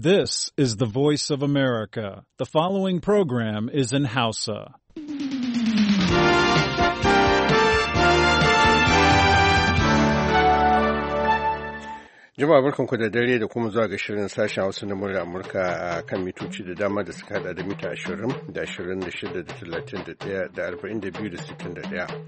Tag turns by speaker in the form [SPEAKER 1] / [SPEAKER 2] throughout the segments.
[SPEAKER 1] This is the voice of America. The following program is in Hausa.
[SPEAKER 2] Jama'a barkanku da dare da kuma zuwa ga shirin sashen Hausa na murya Amurka a kan mitoci da dama da suka hada da mita 20 da 26 da 31 da 42 da 61.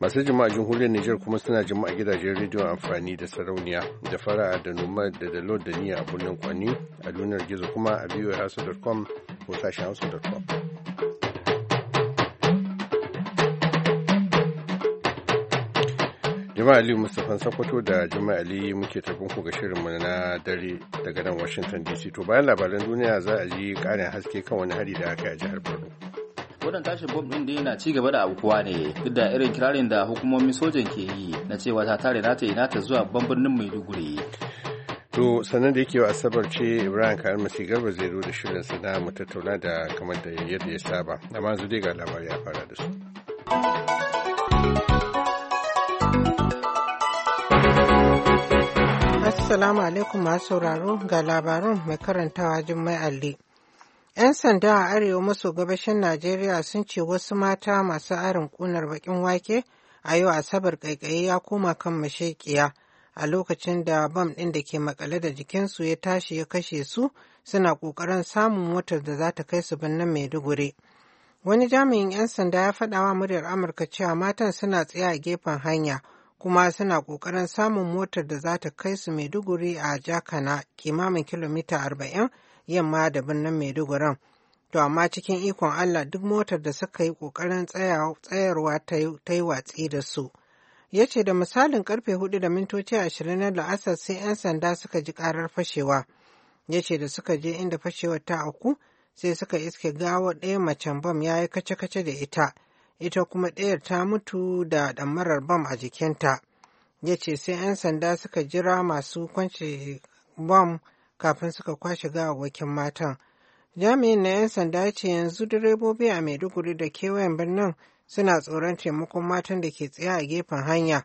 [SPEAKER 2] masu jama'a jamhuriyar Nijar kuma suna jama'a gidajen rediyon amfani da sarauniya da fara'a da noma da dalo da niyya a birnin kwani a duniyar gizo kuma a voahouse.com ko sashen house.com. Jama'a Aliyu Mustapha Sakwato da Jama'a Ali muke tarbin ku ga shirinmu na dare daga nan Washington
[SPEAKER 3] DC. To bayan labaran duniya za a ji ƙarin haske kan wani hari
[SPEAKER 2] da aka yi a jihar Borno.
[SPEAKER 3] wannan tashin bom din da yana cigaba gaba da aukuwa ne duk da irin kirarin da hukumomin sojan ke yi na cewa ta tare nata ina ta zuwa babban birnin maiduguri
[SPEAKER 2] to sannan da yake wa asabar ce ibrahim kayan masu garba zai zo da shirin sana mu tattauna da kamar da
[SPEAKER 3] yadda ya saba
[SPEAKER 2] amma yanzu dai ga labari ya fara da su
[SPEAKER 4] Assalamu alaikum masu sauraro ga labarin mai karantawa Jummai alli. ‘Yan sanda a arewa maso gabashin Najeriya sun ce wasu mata masu arin kunar baƙin wake a yau Asabar ƙaiƙayi ya koma kan mashekiya a lokacin da bam ɗin da ke makale da jikinsu ya tashi ya kashe su suna ƙoƙarin samun motar da za ta kai su birnin Maiduguri. Wani jami'in 'yan sanda ya faɗa wa muryar Amurka cewa matan suna tsaye a gefen hanya kuma suna ƙoƙarin samun motar da za ta kai su Maiduguri a Jakana kimamin kilomita arba'in yamma da birnin Maiduguri. To amma cikin ikon Allah duk motar da suka yi ƙoƙarin tsayarwa ta yi watsi da su. Ya ce da misalin karfe hudu da mintoci ashirin na la'asar sai 'yan sanda suka ji karar fashewa. Ya ce da suka je inda fashewar ta auku sai suka iske gawa ɗaya macen bam ya yi kace-kace da ita. Ita kuma ɗayar ta mutu da ɗamarar bam a jikinta. Ya ce sai 'yan sanda suka jira masu kwance bam kafin suka kwashe gawawwakin matan. Jami'in na 'yan sanda ce yanzu direbobi a Maiduguri da kewayen birnin suna tsoron taimakon matan da ke tsaye a gefen hanya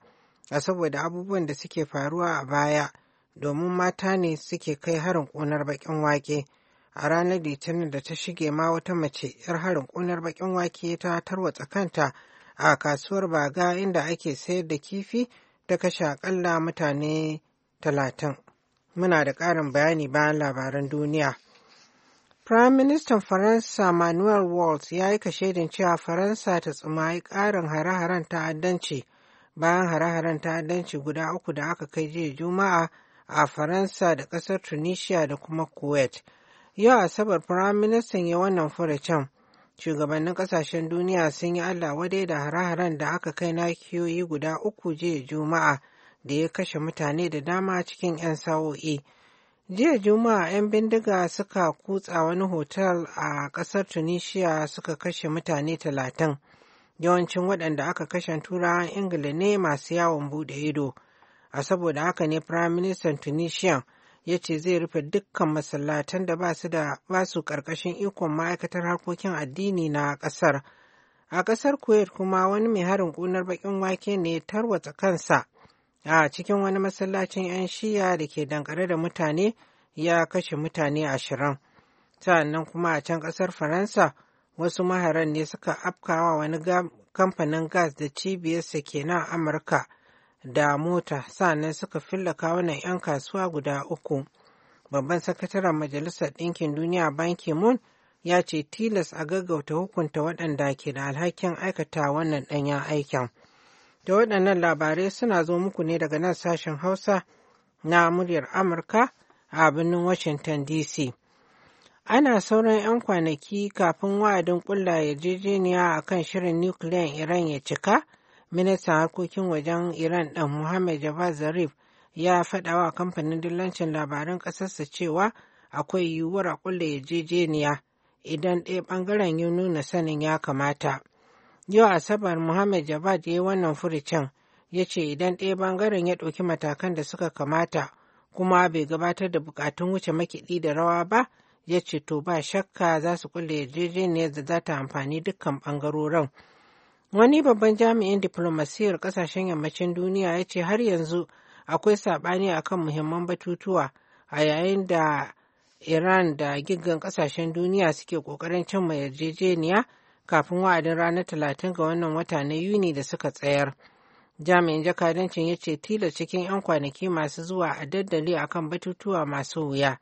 [SPEAKER 4] a saboda abubuwan da suke faruwa a baya domin mata ne suke kai harin ƙunar baƙin wake. A ranar Litinin da ta shige ma wata mace 'yar harin ƙunar baƙin wake ta tarwatsa kanta a kasuwar baga inda ake sayar da kifi ta kashe akalla mutane talatin. Muna da ƙarin bayani bayan labaran duniya. Prime Minister Faransa Manuel Waltz ya yi kashedin cewa Faransa ta tsumayi ƙarin hare-haren ta'addanci bayan hare-haren ta'addanci guda uku da aka kai jiya Juma'a a Faransa da ƙasar Tunisia da kuma Kuwait. Yau Asabar Prime Minister ya wannan furucin. Shugabannin ƙasashen duniya sun yi Allah wadai da hare-haren da aka kai na kiyoyi guda uku jiya Juma'a. da ya kashe mutane da dama cikin 'yan sa'o'i. Jiya Juma'a 'yan bindiga suka kutsa wani hotel a ƙasar Tunisia suka kashe mutane talatin. Yawancin waɗanda aka kashe turawan Ingila ne masu yawon buɗe ido. A saboda haka ne Firaministan Tunisia ya ce zai rufe dukkan masallatan da ba su ƙarƙashin ikon ma'aikatar harkokin addini na ƙasar. A ƙasar Kuwait kuma wani mai harin ƙunar baƙin wake ne tarwatsa kansa a cikin wani masallacin 'yan shiya da ke dankare da mutane ya kashe mutane ashirin sannan kuma a can ƙasar faransa wasu maharan ne suka afkawa wani kamfanin gas da cibiyarsa ke nan amurka da mota sannan suka fillaka wani 'yan kasuwa guda uku babban sakataren majalisar ɗinkin duniya banki moon ya ce tilas a gaggauta hukunta waɗanda ke da alhakin aikata wannan ɗanyen aikin. da waɗannan labarai suna zo muku ne daga nan sashen Hausa na muryar Amurka a birnin Washington DC. Ana sauran 'yan kwanaki kafin wa'adin ƙulla yarjejeniya a kan shirin nukiliyan Iran ya cika, ministan harkokin wajen Iran ɗan Muhammad Javad Zarif ya faɗa wa kamfanin dillancin labaran ƙasarsa cewa akwai yiwuwar a ƙulla yarjejeniya idan ɗaya ɓangaren ya nuna sanin ya kamata. Yau Asabar Muhammad Jabad ya yi wannan furucin ya ce idan ɗaya ɓangaren ya ɗauki matakan da suka kamata kuma bai gabatar da bukatun wuce makiɗi da rawa ba ya ce to ba shakka za su kulle yarjejeniyar da za ta amfani dukkan bangarorin. Wani babban jami'in diflomasiyyar ƙasashen yammacin duniya ya ce har yanzu akwai saɓani akan muhimman batutuwa a yayin da Iran da gigan ƙasashen duniya suke ƙoƙarin cimma yarjejeniya kafin wa'adin ranar talatin ga wannan wata na Yuni da suka tsayar. Jami'in jakadancin ya ce tilas cikin 'yan kwanaki masu zuwa a daddale akan batutuwa masu wuya.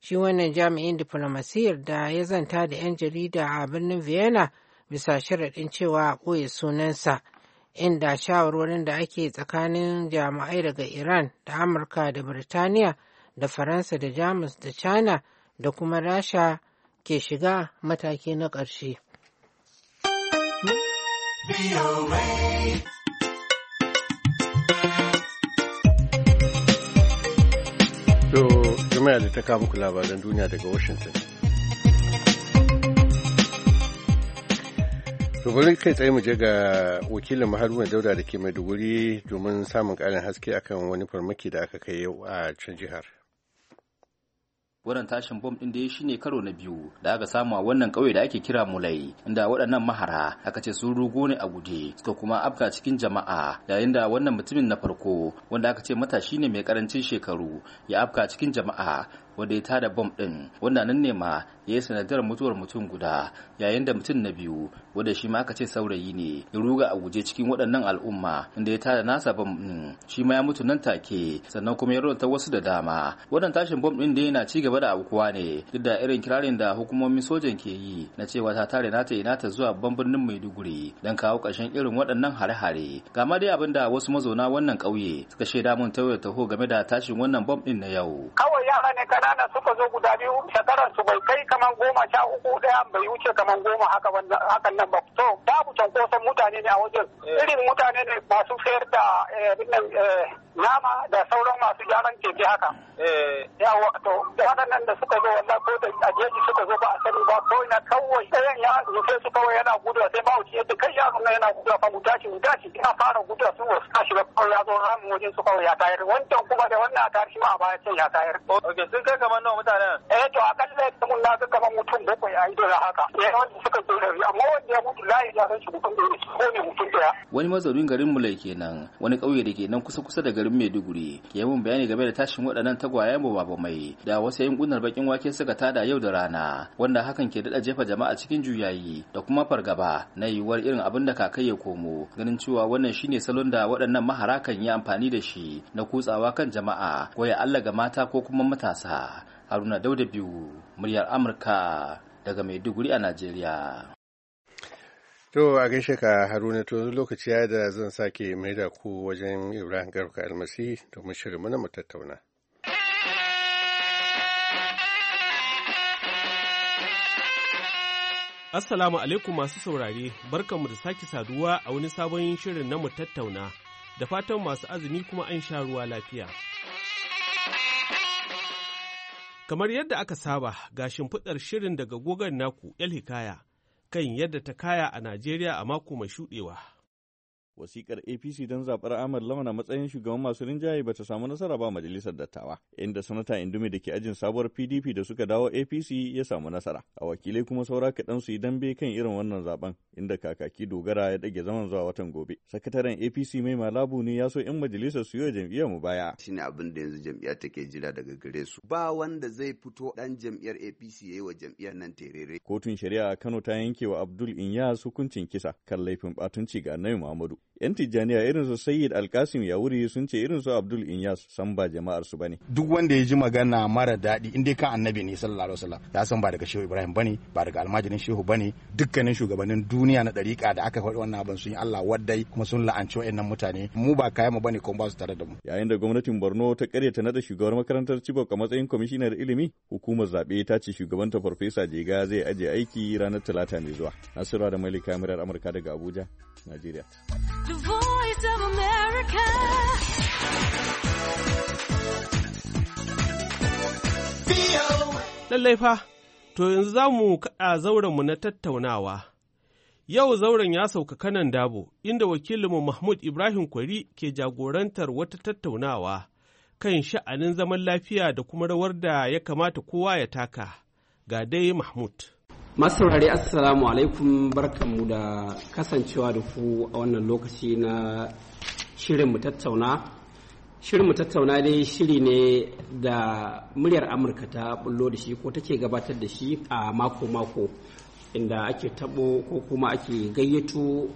[SPEAKER 4] Shi wannan jami'in diflomasiyar da ya zanta da 'yan jarida a birnin Vienna bisa sharaɗin cewa a ɓoye sunansa. inda shawarwarin da ake tsakanin jami'ai daga Iran da Amurka da Birtaniya da Faransa da Jamus da China da kuma Rasha ke shiga mataki na ƙarshe.
[SPEAKER 2] To, jama'a da ta kawo muku labaran duniya daga Washington. To bari kai tsaye mu je ga wakilin Haruna Dauda da ke mai duguri domin samun ƙarin haske akan wani farmaki da aka kai yau a can jihar.
[SPEAKER 3] wannan tashin bom din da ya shine karo na biyu da aka samu a wannan kauye da ake kira mulai inda waɗannan mahara aka ce sun rugo ne a gude suka kuma afka cikin jama'a yayin da wannan mutumin na farko wanda aka ce matashi ne mai karancin shekaru ya afka cikin jama'a wanda ya tada bom din wanda nan ne ma ya yi sanadar mutuwar mutum guda yayin da mutum na biyu wanda shi ma aka ce saurayi ne ya ruga a guje cikin waɗannan al'umma inda ya tada nasa bam ɗin shi ma ya mutu nan take sannan kuma ya ta wasu da dama wannan tashin bom ɗin da yana ci gaba da aukuwa ne duk da irin kirarin da hukumomin sojan ke yi na cewa ta tare nata ina ta zuwa ban birnin Maiduguri don kawo ƙarshen irin waɗannan hare-hare ga ma dai abin da wasu mazauna wannan ƙauye suka shaida mun tawaye taho game da tashin wannan bom ɗin na yau
[SPEAKER 5] kawai yara ne kanana suka zo guda biyu shekaran su bai kai kamar goma sha uku ɗaya bai wuce kamar goma hakan nan ba to babu cunkoson mutane ne a wajen eh. irin mutane ne masu sayar da eh, eh, nama da sauran masu gyaran keke haka. Eh, yawa to waɗannan da suka zo wannan ko da a jeji suka zo ba a sani ba ko ina kawai ɗayan ya rufe su kawai yana guduwa sai
[SPEAKER 4] mahauci yadda kai ya na yana guduwa fa mu tashi mu tashi ina fara guduwa sun wasu ka shiga kawai ya zo ramin wajen
[SPEAKER 5] su kawai ya tayar wancan kuma da wannan a tayar shi ma a baya can ya tayar. Ok sun kai kamar nawa mutanen. Eh to kan da mun na ga kamar mutum bakwai a ido da haka. Eh wanda suka zo da amma wanda ya mutu layi ya san shi mutum ɗaya
[SPEAKER 3] ko ne mutum ɗaya. Wani mazaunin garin Mulai kenan wani ƙauye da ke nan kusa-kusa da garin garin Maiduguri ke mun bayani game da tashin waɗannan tagwayen babu mai da wasu yankunan bakin wake suka tada yau da rana wanda hakan ke daɗa jefa jama'a cikin juyayi da kuma fargaba na yiwuwar irin abin da kakai ya komo ganin cewa wannan shine salon da waɗannan mahara kan yi amfani da shi na kutsawa kan jama'a ko ya allaga mata ko kuma matasa haruna dauda biyu muryar amurka daga maiduguri a najeriya
[SPEAKER 2] To a gaishe ka Haruna to lokaci ya da zan sake maida ku wajen Ibrahim Garuka Almasi domin shirin mana mu tattauna. Assalamu alaikum masu saurare,
[SPEAKER 6] barkanmu da sake saduwa a wani sabon shirin na mu tattauna. Da fatan masu azumi kuma an sha ruwa lafiya. Kamar yadda aka saba, ga shimfiɗar shirin daga gogan naku, El Hikaya. kan yadda ta kaya a Najeriya a mako mai shuɗewa.
[SPEAKER 1] wasikar apc don zaɓar ahmad Lamar a matsayin shugaban masu rinjaye ba ta samu nasara ba majalisar dattawa inda sanata indumi da ke ajin sabuwar pdp da suka dawo apc ya samu nasara a wakilai kuma saura kaɗan su yi dambe kan irin wannan zaben inda kakaki dogara ya ɗage zaman zuwa watan gobe sakataren apc mai malabu ne ya so in majalisar su yi wa jam'iyyar mu baya shine abin da yanzu jam'iyya take jira daga gare su
[SPEAKER 7] ba wanda zai fito ɗan jam'iyyar apc ya yi wa jam'iyyar nan terere
[SPEAKER 1] kotun shari'a a kano ta yanke wa abdul inyas hukuncin kisa kan laifin batunci ga nayi muhammadu 'yan tijjaniya irin su sayyid alkasim ya wuri sun ce irin
[SPEAKER 3] su abdul inyas san ba jama'ar su bane duk wanda ya ji magana mara daɗi in dai kan annabi ne sallallahu alaihi wasallam ya san ba daga shehu ibrahim bane ba daga almajirin shehu bane dukkanin shugabannin duniya na dariƙa da aka faɗi wannan abin sun yi allah waddai kuma sun la'anci wa'annan mutane mu ba kaya mu bane kuma ba su tare da mu
[SPEAKER 1] yayin da gwamnatin borno ta karyata nada shugabar makarantar chibok a matsayin kwamishinar ilimi hukumar zaɓe ta ce shugabanta farfesa jega zai ajiye aiki ranar talata mai zuwa nasira da malika murar
[SPEAKER 8] amurka daga abuja najeriya
[SPEAKER 2] the voice of America.
[SPEAKER 6] Lallai fa, to yanzu za mu kaɗa zaurenmu na tattaunawa. Yau zauren ya sauka kanan dabo, inda wakilinmu Mahmud Ibrahim Kwari ke jagorantar wata tattaunawa kan sha'anin zaman lafiya da kuma rawar da ya kamata kowa ya taka. Ga dai Mahmud. masu saurare assalamu
[SPEAKER 7] alaikum barkanmu da kasancewa da ku a wannan lokaci na shirin mu tattauna shirin mu tattauna dai shiri ne da muryar amurka ta bullo da shi ko take gabatar da shi a mako-mako inda ake tabo ko kuma ake gayyato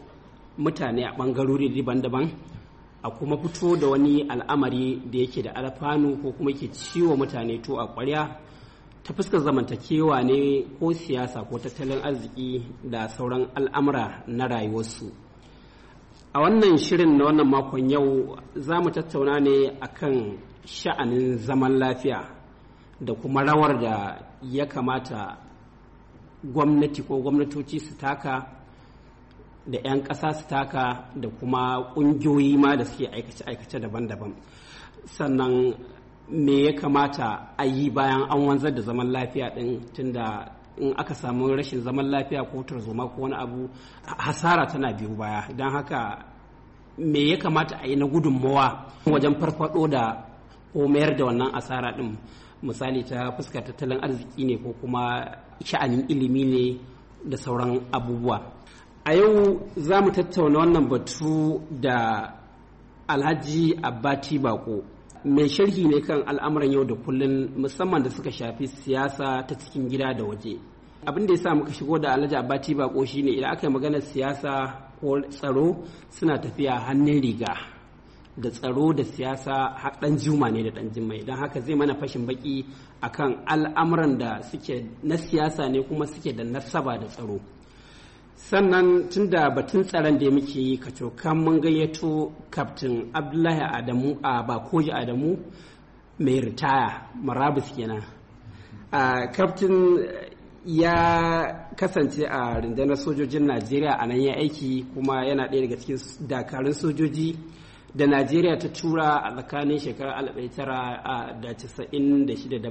[SPEAKER 7] mutane a ɓangarori daban-daban a kuma fito da wani al'amari da yake da alfanu ko kuma ke ciwo mutane to a ƙwarya ta fuskar zamantakewa ne ko siyasa ko tattalin arziki da sauran al'amura na rayuwarsu a wannan shirin na wannan makon yau za mu tattauna ne akan sha'anin zaman lafiya da kuma rawar da ya kamata gwamnati ko gwamnatoci su taka da 'yan ƙasa su taka da kuma ƙungiyoyi ma da suke aikace-aikace daban-daban sannan me ya kamata a yi bayan an wanzar da zaman lafiya din tunda in aka samu rashin zaman lafiya ko tarzoma ko wani abu hasara tana biyu baya don haka me ya kamata a yi na gudunmowa. wajen farfado da ko mayar da wannan asara din misali ta fuskar tattalin arziki ne ko kuma sha'anin ilimi ne da sauran abubuwa a yau za mu tattauna wannan batu da alhaji abati bako mai sharhi ne kan al'amuran yau da kullun musamman da suka shafi siyasa ta cikin gida da waje abin da ya sa muka shigo da alhaji abati bako shine idan aka yi maganar siyasa ko tsaro suna tafiya hannun riga da tsaro da siyasa dan juma ne da dan jimai don haka zai mana fashin baki akan al'amuran da suke na siyasa ne kuma suke da nasaba da tsaro sannan tun da batun tsaron da muke yi ka cokan mun gayyato kaftin abdullahi adamu a bakoji adamu mai ritaya marabus kenan a kaftin ya kasance a rundunar sojojin najeriya a nan ya aiki kuma yana ɗaya daga cikin dakarun sojoji da najeriya ta tura a tsakanin shekarar 1996 da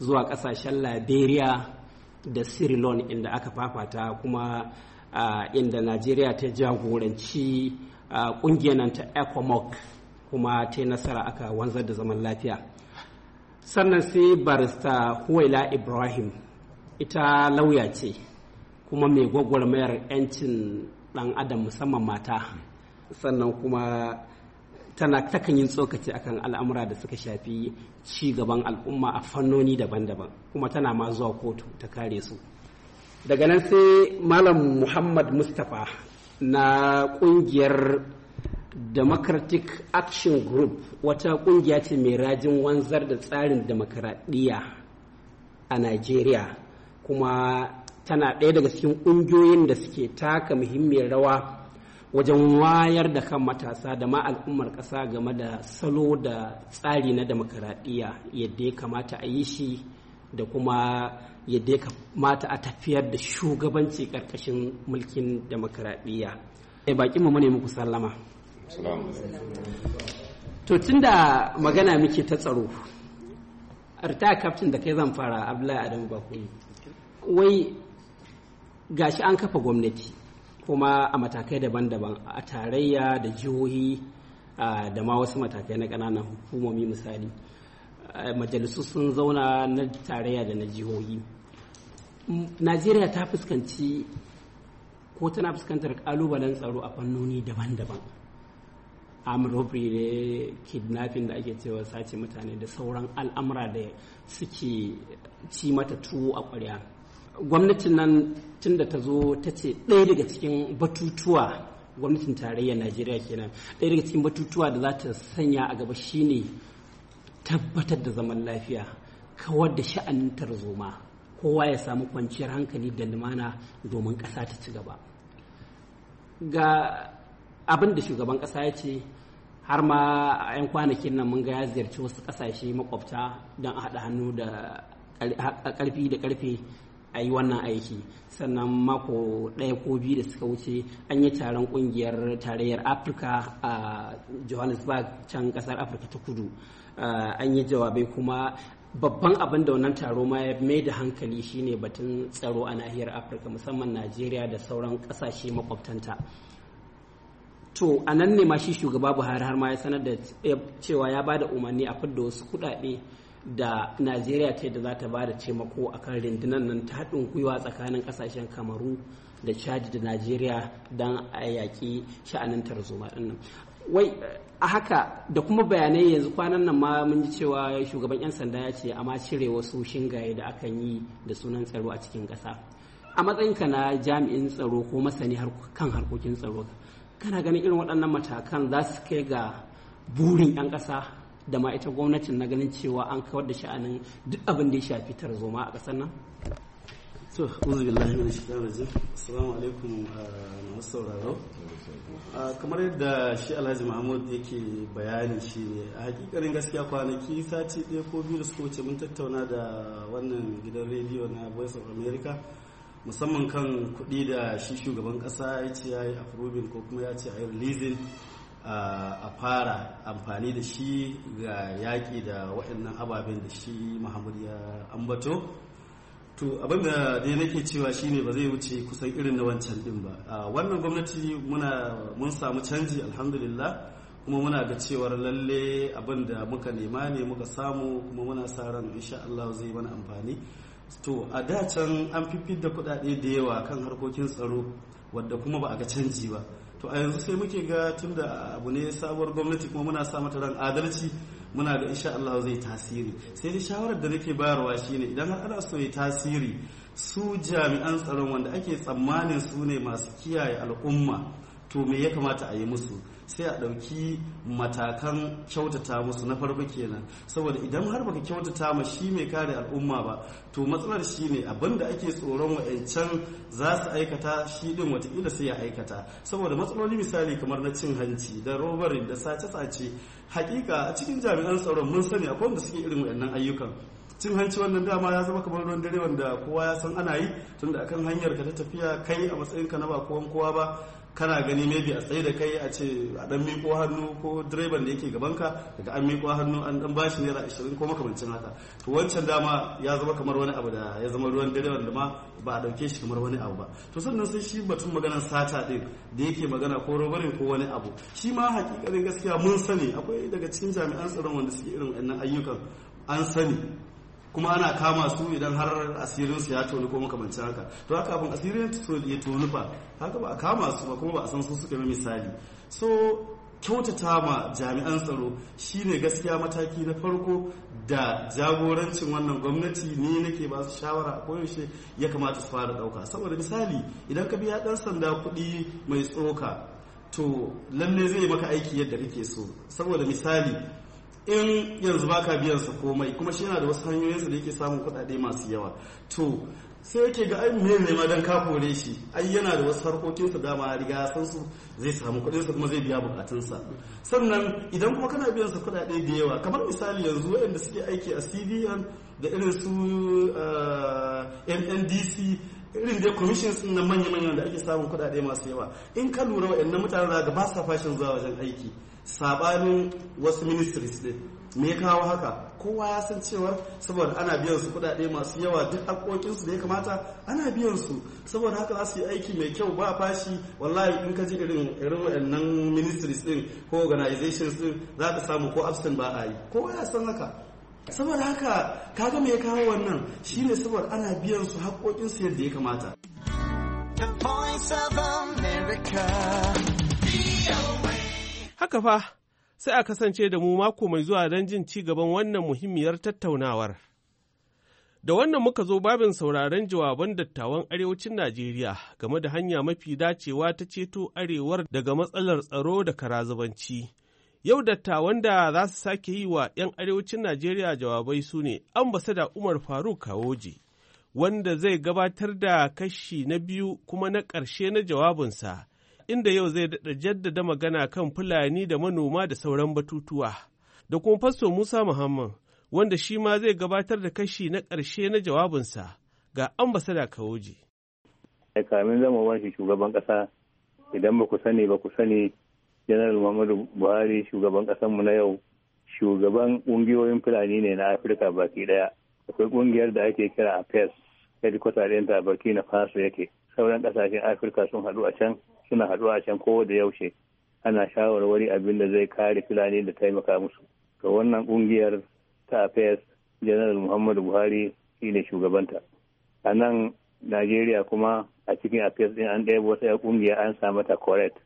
[SPEAKER 7] zuwa ƙasashen liberia da sirilon inda aka fafata kuma inda najeriya ta jagoranci kungiyar nan ta ecomoc kuma ta nasara aka wanzar da zaman lafiya sannan sai barista huwaila ibrahim ita lauya ce kuma mai gwagwarmayar 'yancin dan adam musamman mata sannan kuma tana takan yin tsokaci akan al'amura da suka shafi ci gaban al'umma a fannoni daban-daban kuma tana ma zuwa kotu ta kare su daga nan sai malam muhammad mustapha na kungiyar democratic action group wata kungiya ce mai rajin wanzar da tsarin demokradiyya a nigeria kuma tana ɗaya daga cikin ƙungiyoyin da suke taka muhimmiyar rawa wajen wayar da kan matasa da ma al'ummar ƙasa game da salo da tsari na demokaradiyya yadda ya kamata a yi shi da kuma yadda ya kamata a tafiyar da shugabanci ƙarƙashin mulkin demokaradiyya. ya eh, baƙi mu ne muku sallama. To tun da magana muke ta tsaro, arta kaftin da kai zan fara Abdullahi Adamu Bakuri. Wai gashi an kafa gwamnati. kuma a matakai daban-daban a tarayya da jihohi da ma wasu matakai na ƙananan hukumomi misali majalisu sun zauna na tarayya da na jihohi najeriya ta fuskanci ko tana fuskantar ƙalubalen tsaro a fannoni daban-daban armed robbery ne kidnapping da ake cewa sace mutane da sauran al'amura da suke ci mata tuwo a ƙwarya gwamnatin nan tun da ta zo ta ce ɗaya daga cikin batutuwa gwamnatin tarayyar najeriya kenan ɗaya daga cikin batutuwa da za ta sanya a gaba shine tabbatar da zaman lafiya kawar da sha'anin tarzoma kowa ya samu kwanciyar hankali da lumana domin ƙasa ta ci gaba ga abin da shugaban ƙasa ya ce har ma a 'yan kwanakin nan mun ga ya ziyarci wasu ƙasashe makwabta don a haɗa hannu da ƙarfi da ƙarfe a yi wannan aiki sannan mako ɗaya ko biyu da suka wuce an yi taron ƙungiyar tarayyar afirka a johannesburg can ƙasar afirka ta kudu an yi jawabai kuma babban abin da wannan taro ma ya mai da hankali shine batun tsaro a nahiyar afirka musamman najeriya da sauran ƙasashe makwabtanta to a nan ne ma shi shugaba buhari har ma ya sanar da cewa ya ba da umarni a fidda wasu kuɗaɗe da najeriya ta yadda za ta ba da taimako kan rundunar nan ta haɗin gwiwa tsakanin ƙasashen kamaru da chad da najeriya don a yaƙi sha'anin tarzoma ɗin wai a haka da kuma bayanai yanzu kwanan nan ma mun ji cewa shugaban 'yan sanda ya ce amma cire wasu shingaye da akan yi da sunan tsaro a cikin ƙasa a matsayin ka na jami'in tsaro ko masani kan harkokin tsaro kana ganin irin waɗannan matakan za su kai ga burin 'yan ƙasa da ma ita gwamnatin na ganin cewa an kawar da sha'anin duk abin da ya shafi tarzoma a kasar nan
[SPEAKER 1] to uzu billahi min rajim assalamu alaikum ah, masu sauraro ah, kamar yadda shi Alhaji Mahmud yake bayani shi ne a hakikarin gaskiya kwanaki sati ɗaya ko biyu da suka wuce mun tattauna da wannan gidan rediyo na Voice of America musamman kan kuɗi da shi shugaban ƙasa ya ce ya yi approving ko kuma ya ce a yi releasing a fara amfani da shi ga yaƙi da waɗannan ababen da shi muhammad ya ambato to abin da dai nake cewa shine ba zai wuce kusan irin na wancan din ba wannan gwamnati muna mun samu canji alhamdulillah kuma muna ga cewar lalle abin da muka nema ne muka samu kuma muna sa ran insha Allah zai mana amfani to a da can an fifid da kuɗaɗe da yawa kan harkokin tsaro wadda kuma ba a ga canji ba to a yanzu sai muke ga tunda abu ne sabuwar gwamnati kuma muna sa mata ran adalci muna ga insha Allah zai tasiri sai dai shawarar da nake bayarwa shine idan har ana so ya tasiri su jami'an tsaron wanda ake tsammanin su ne masu kiyaye al'umma to me ya kamata a yi musu sai a ɗauki matakan kyautata musu na farko kenan saboda idan har baka kyautata ma shi mai kare al'umma ba to matsalar shi ne abinda ake tsoron wa'ancan za su aikata shi din watakila sai ya aikata saboda matsaloli misali kamar na cin hanci da robarin da sace-sace hakika a cikin jami'an tsaron mun sani akwai wanda suke irin wa'annan ayyukan cin hanci wannan dama ya zama kamar ruwan dare wanda kowa ya san ana yi tunda akan hanyar ka ta tafiya kai a matsayin ka na ba kowan kowa ba kana gani maybe a tsaye da kai a ce a dan miko hannu ko direban da yake ka daga an miko hannu an dan bashi naira 20 ko makamancin haka to wancan dama ya zama kamar wani abu da ya zama ruwan direban da ma ba a dauke shi kamar wani abu ba to sannan sai shi batun maganar sata din da yake magana ko robarin ko wani abu shi ma hakikanin gaskiya mun sani akwai daga cikin jami'an tsaron wanda suke irin wannan ayyukan an sani kuma ana kama su idan har asirin su ya toni ko makamancin haka to haka abin asirin ya toni ba haka ba a kama su ba kuma ba a san su suka yi misali so kyautata ma jami'an tsaro shine gaskiya mataki na farko da jagorancin wannan gwamnati ne nake ba su shawara a koyaushe ya kamata su fara dauka saboda misali idan ka biya dan sanda kuɗi mai tsoka to lalle zai maka aiki yadda kake so saboda misali in yanzu baka biyan sa komai kuma shi yana da wasu hanyoyinsa da yake samun kuɗaɗe masu yawa to sai yake ga ai me ne ma dan ka kore shi ai yana da wasu harkokin sa dama riga san su zai samu kuɗin sa kuma zai biya bukatun sa sannan idan kuma kana biyan sa kuɗaɗe da yawa kamar misali yanzu waɗanda suke aiki a CBN da irin su MNDC eh, irin da commissions na manya-manyan da ake samun kuɗaɗe masu yawa in ka lura waɗannan mutanen da ba sa fashin zuwa wajen aiki sabanin wasu ministries din me ya kawo haka kowa ya san cewa saboda ana biyan su kudade masu yawa duk haƙoƙinsu da ya kamata ana biyan su saboda haka za su yi aiki mai kyau ba fashi wallahi in ka ji irin irin waɗannan ministries din ko organizations din za ka samu ko absent ba a yi kowa ya san haka saboda haka kaga me ya kawo wannan shine saboda ana biyan su haƙoƙinsu yadda ya kamata The voice of
[SPEAKER 4] America,
[SPEAKER 6] Haka fa, sai a kasance da mu mako mai zuwa don jin ci gaban wannan muhimmiyar tattaunawar. Da wannan muka zo babin sauraron jawaban dattawan arewacin Najeriya game da hanya mafi dacewa ta ceto arewar daga matsalar tsaro da karazubanci. Yau dattawan da za su sake yi wa 'yan arewacin Najeriya jawabai su ne ambasada Umar Faruk Kawoji, wanda zai gabatar da kashi na biyu kuma na ƙarshe na jawabinsa inda yau zai daɗa jaddada magana kan Fulani da manoma da sauran batutuwa. Da kuma Fasto Musa Muhammad, wanda shi ma zai gabatar da kashi na ƙarshe na jawabinsa ga ambasada Kawoji.
[SPEAKER 8] Eh, kamin zama wani shugaban ƙasa, idan ba ku sani ba ku sani janar Muhammadu Buhari shugaban ƙasanmu na yau, shugaban ƙungiyoyin Fulani ne na Afirka baki ɗaya. Akwai ƙungiyar da ake kira a APES, headquarter ɗinta Burkina Faso yake. Sauran ƙasashen Afirka sun haɗu a can suna haɗuwa a can ko da yaushe ana shawarwari abin da zai kare fulani da taimaka musu ga wannan ƙungiyar ta affairs general muhammadu buhari shine shugabanta a nan najeriya kuma a cikin affairs din an ɗaya wata ƙungiya an samu ta correct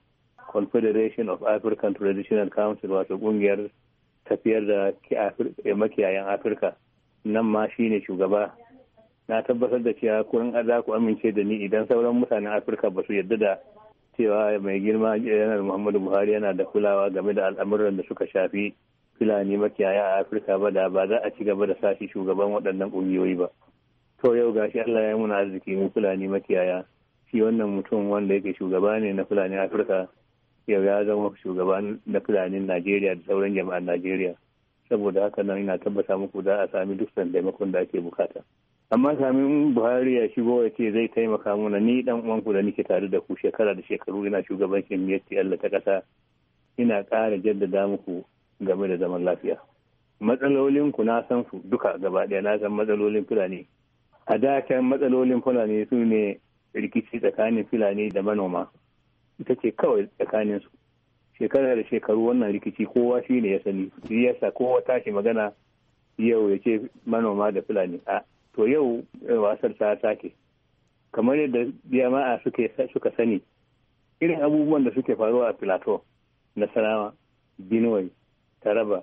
[SPEAKER 8] confederation of african traditional council wato ƙungiyar tafiyar da makiyayan afirka nan ma shine shugaba na tabbatar da cewa kurin za ku amince da ni idan sauran mutanen afirka ba su yadda da cewa mai girma janar muhammadu buhari yana da kulawa game da al'amuran da suka shafi fulani makiyaya a afirka ba da ba za a ci gaba da sashi shugaban waɗannan ƙungiyoyi ba to yau gashi allah ya muna arziki mu fulani makiyaya shi wannan mutum wanda yake shugaba ne na fulani afirka yau ya zama shugaban na fulani najeriya da sauran jama'ar najeriya saboda haka nan ina tabbata muku za a sami duk taimakon da ake bukata. amma kamin buhari ya shigo ya ce zai taimaka mana ni dan uwanku da nake tare da ku shekara da shekaru ina shugabancin miyatti allah ta kasa ina ƙara jaddada muku game da zaman lafiya matsalolin ku na san su duka gaba ɗaya na san matsalolin fulani a da matsalolin fulani su ne rikici tsakanin fulani da manoma ita ce kawai tsakanin su shekara da shekaru wannan rikici kowa shine ya sani shi yasa kowa tashi magana yau ya ce manoma da fulani a to yau eh, wasar ta sake kamar yadda jama'a suka sani irin abubuwan da suke faruwa a filato na sanawa binuwai taraba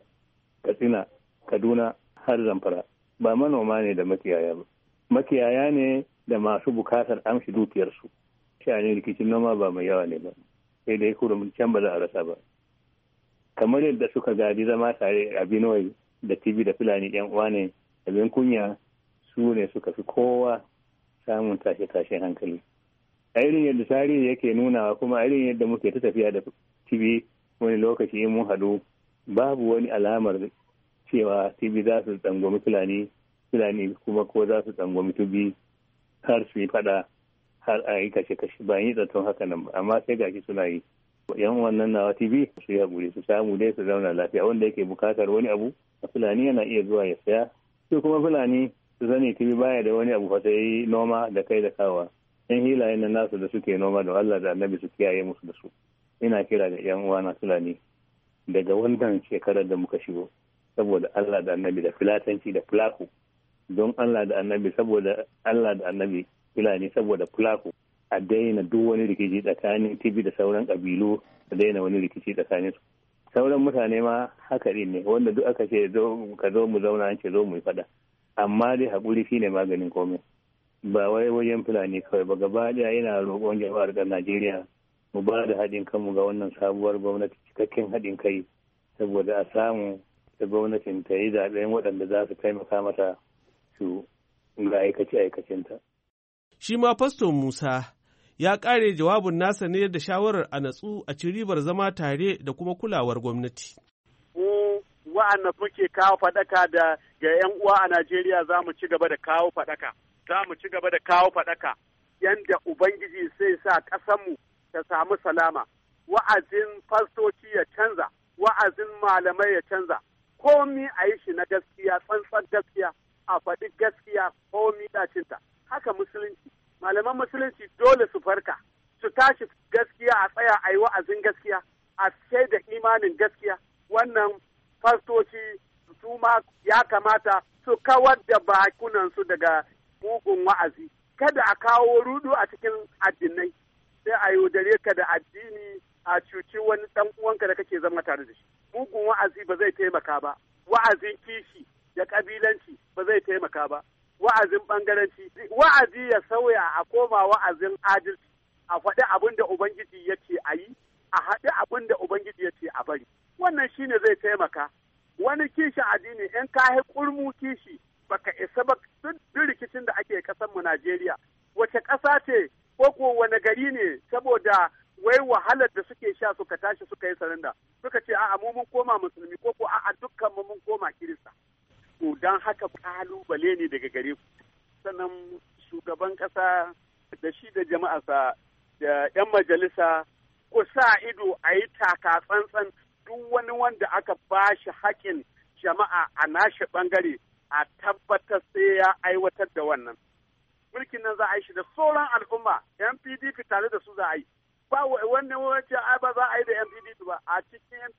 [SPEAKER 8] katsina kaduna har zamfara ba manoma ne da makiyaya ba makiyaya ne da masu bukatar amshi dukiyarsu sha'anin rikicin noma ba mai yawa ne ba sai da ya kura can ba za a rasa ba kamar yadda suka gadi zama tare a binowai da tibi da fulani yan uwa ne abin kunya su ne suka fi kowa samun tashe-tashen hankali a irin yadda tarihi yake nunawa kuma a irin yadda muke ta tafiya da tibi wani lokaci in mun haɗu babu wani alamar cewa tibi za su tsangwami fulani fulani kuma ko za su tsangwami tubi har su yi fada har a yi kashe-kashe ba yi zaton haka nan ba amma sai gashi suna yi yan wannan nawa tibi su yi haƙuri su samu dai su zauna lafiya wanda yake bukatar wani abu a fulani yana iya zuwa ya saya sai kuma fulani sani tibi baya da wani abu fata yi noma da kai da kawa yan hilayen nan nasu da suke noma da Allah da annabi su kiyaye musu da su ina kira da yan uwa na fulani daga wannan shekarar da muka shigo saboda Allah da annabi da filatanci da fulaku don Allah da annabi saboda Allah da annabi fulani saboda fulaku a daina duk wani rikici tsakanin tibi da sauran kabilu a daina wani rikici tsakanin su sauran mutane ma haka ne wanda duk aka ce ka zo mu zauna an ce zo mu yi fada amma dai haƙuri shine maganin komai ba wai wajen fulani kawai ba gaba daya yana roƙon jama'ar ga najeriya mu ba da haɗin kanmu ga wannan sabuwar gwamnati cikakken haɗin kai saboda a samu da gwamnatin ta yi zaɓen waɗanda za su taimaka mata su ga aikace aikacinta.
[SPEAKER 6] shi ma fasto musa ya ƙare jawabin nasa ne da shawarar a natsu a ci ribar zama tare da kuma kulawar gwamnati.
[SPEAKER 5] wa'anda muke kawo faɗaka da ga 'yan uwa a Najeriya za mu ci gaba da kawo faɗaka. Za mu ci gaba da kawo faɗaka yanda Ubangiji sai sa ƙasanmu ta samu salama. Wa'azin fastoci ya canza, wa'azin malamai ya canza. Komi a yi shi na gaskiya, tsantsan gaskiya, a faɗi gaskiya, komi ɗacinta. Haka musulunci, malaman musulunci dole su farka, su tashi gaskiya a tsaya a yi wa'azin gaskiya, a da imanin gaskiya. Wannan fastoci su ma ya kamata su kawar da bakunansu daga mugun wa'azi kada a kawo rudu a cikin addinai sai a yaudare ka da addini a cuci wani ɗan uwanka da kake zama tare da shi mugun wa'azi ba zai taimaka ba wa'azin kishi da kabilanci ba zai taimaka ba wa'azin bangaranci wa'azi ya sauya a koma wa'azin adalci a faɗi abin da ubangiji ya ce a yi a haɗi abin da ubangiji ya ce a bari wannan ne zai taimaka wani kishin addini in ka yi kurmu kishi baka isa ba duk rikicin da ake kasanmu mu Najeriya wace ƙasa ce ko ko wani gari ne saboda wai wahalar da suke sha suka tashi suka yi sarinda suka ce a'a mu mun koma musulmi ko ko a'a dukkan mu mun koma kirista to dan haka kalubale ne daga gare ku sannan shugaban kasa da shi da jama'arsa da 'yan majalisa ku sa ido a yi taka tsantsan duk wani wanda aka bashi haƙin jama'a a nashi ɓangare a tabbatar sai ya aiwatar da wannan. Mulkin nan za a yi shi da sauran al'umma, yan tare da su za a yi. Ba wani wace ai ba za a yi da yan ba, a cikin yan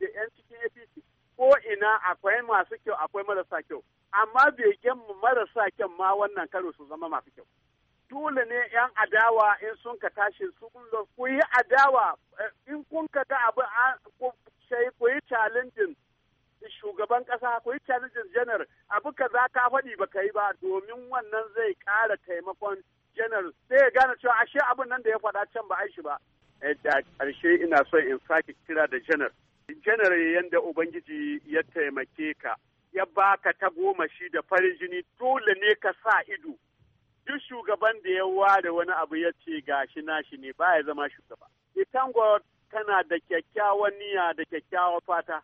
[SPEAKER 5] da yan cikin APC. Ko ina akwai masu kyau akwai marasa kyau, amma begen mu marasa kyau ma wannan karo su zama masu kyau. Dole ne 'yan adawa in sun ka tashi su ku yi adawa eh, in kun ka ga abu sai ku yi challenging shugaban ƙasa ku yi challenging janar abu ka za ka faɗi ba ka yi ba domin wannan zai ƙara taimakon janar sai ya gane cewa ashe abin nan da ya faɗa can ba aishi ba. Da eh, ƙarshe ina so in sake kira da janar. Janar yadda Ubangiji ya taimake ka ya baka ta goma shi da farin jini dole ne ka sa ido. Duk shugaban da ya ware wani abu ya ce gashi nashi ne ba ya zama shugaba. Itan God tana da kyakkyawan niyya da kyakkyawan fata.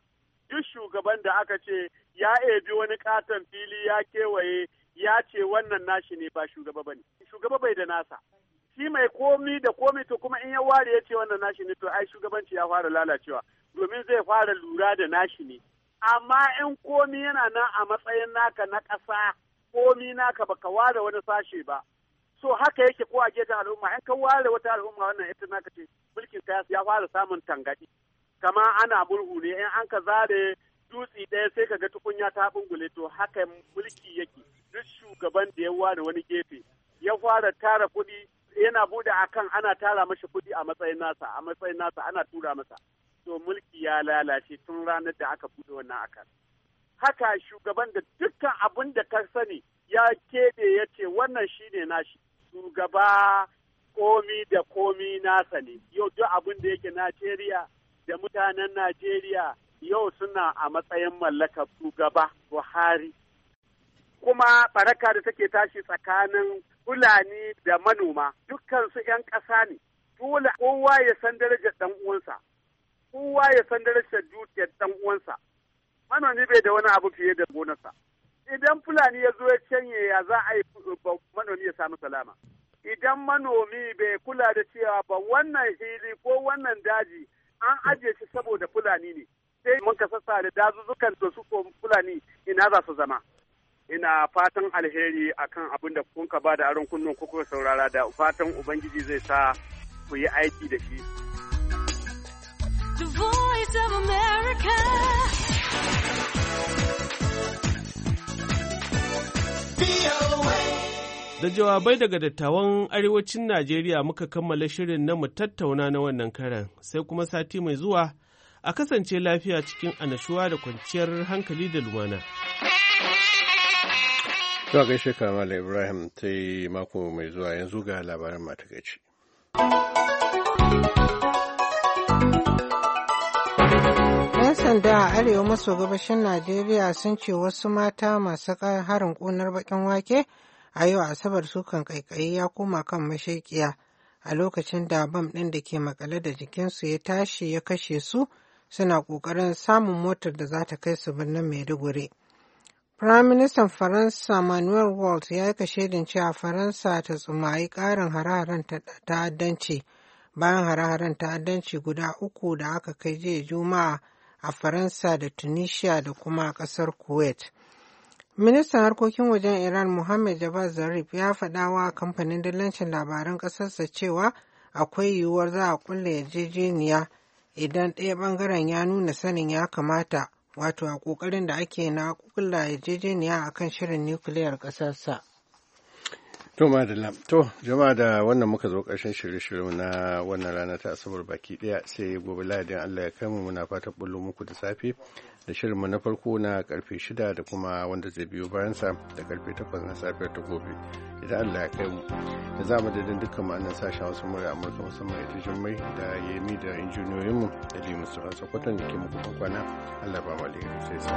[SPEAKER 5] Duk shugaban da aka ce ya ebi wani katon fili ya kewaye ya ce wannan nashi ne ba shugaba ba ne. Shugaba bai da nasa. Shi mai komi da komi to kuma in ya ware ya ce wannan nashi ne to ai shugabanci ya fara lalacewa domin zai fara lura da nashi ne. Amma in komi yana nan a matsayin naka na ƙasa komi naka baka ware wani sashe ba. so haka yake ko a gefen al'umma in ka ware wata al'umma wannan ita na ce mulkin ta ya fara samun tangaɗi kama ana murhu ne in an ka zare dutsi ɗaya sai ka ga tukunya ta bungule to haka mulki yake duk shugaban da ya ware wani gefe ya fara tara kuɗi yana bude akan ana tara mashi kuɗi a matsayin nasa a matsayin nasa ana tura masa to mulki ya lalace tun ranar da aka bude wannan akan haka shugaban da dukkan abun da ka sani ya keɓe ya ce wannan shine nashi shugaba komi da komi nasa ne yau duk abin da yake najeriya da mutanen najeriya yau suna a matsayin mallakar shugaba buhari kuma baraka da take tashi tsakanin fulani da manoma dukkansu 'yan ƙasa ne dole kowa ya san darajar dan uwansa kowa ya san darajar dukiyar dan uwansa manomi bai da wani abu fiye da gonarsa idan Fulani ya zo ya canye ya za a yi eh, manomi ya samu salama. Idan manomi bai kula da cewa ba wannan hili ko wannan daji an ajiye shi saboda Fulani ne. Sai mun ka sassa da dazuzzukan da su Fulani ina za su zama. Ina fatan alheri akan abin da kun ka ba da aron kunnen kuka saurara da fatan Ubangiji zai sa ku yi aiki da shi.
[SPEAKER 2] The voice of America.
[SPEAKER 6] Da jawabai daga dattawan arewacin Najeriya muka kammala shirin na mu tattauna na wannan karan sai kuma sati mai zuwa a kasance lafiya cikin anashuwa da kwanciyar hankali da lumana.
[SPEAKER 2] Zuwa gaishe Kamal Ibrahim ta yi mako mai zuwa yanzu ga labaran matakaici.
[SPEAKER 4] sanda a arewa maso gabashin Najeriya sun ce wasu mata masu harin ƙunar bakin wake a yau asabar sukan kaikayi ya koma kan mashaƙiya a lokacin da bam ɗin da ke makale da jikinsu ya tashi ya kashe su suna ƙoƙarin samun motar da za ta kai su birnin Maiduguri. Firaministan Faransa Manuel Walt ya yi din cewa Faransa ta tsumayi ƙarin hare ta'addanci bayan hare-haren ta'addanci guda uku da aka kai jiya Juma'a a Faransa da Tunisia da kuma a ƙasar Kuwait. Ministan harkokin wajen Iran Mohammed Javad Zarif ya faɗa wa kamfanin dillancin labaran ƙasarsa cewa akwai yiwuwar za a kulle yarjejeniya idan ɗaya ɓangaren ya nuna sanin ya kamata wato a ƙoƙarin da ake na kulla yarjejeniya akan shirin nukiliyar ƙasarsa.
[SPEAKER 2] To madalla, to jama'a da wannan muka zo ƙarshen shirye-shirye na wannan rana ta asabar baki ɗaya sai gobe ladin Allah ya kai mu muna fatan bullo muku da safe da shirinmu na farko na karfe shida da kuma wanda zai biyo sa da karfe takwas na safiyar ta gobe idan Allah ya kai mu da za mu dadin dukkan ma'anar sashen wasu a Amurka musamman ita Jummai da Yemi da injiniyoyinmu da Limu Sauran Sokoton da ke muku kwana Allah ba mu alheri sai sai.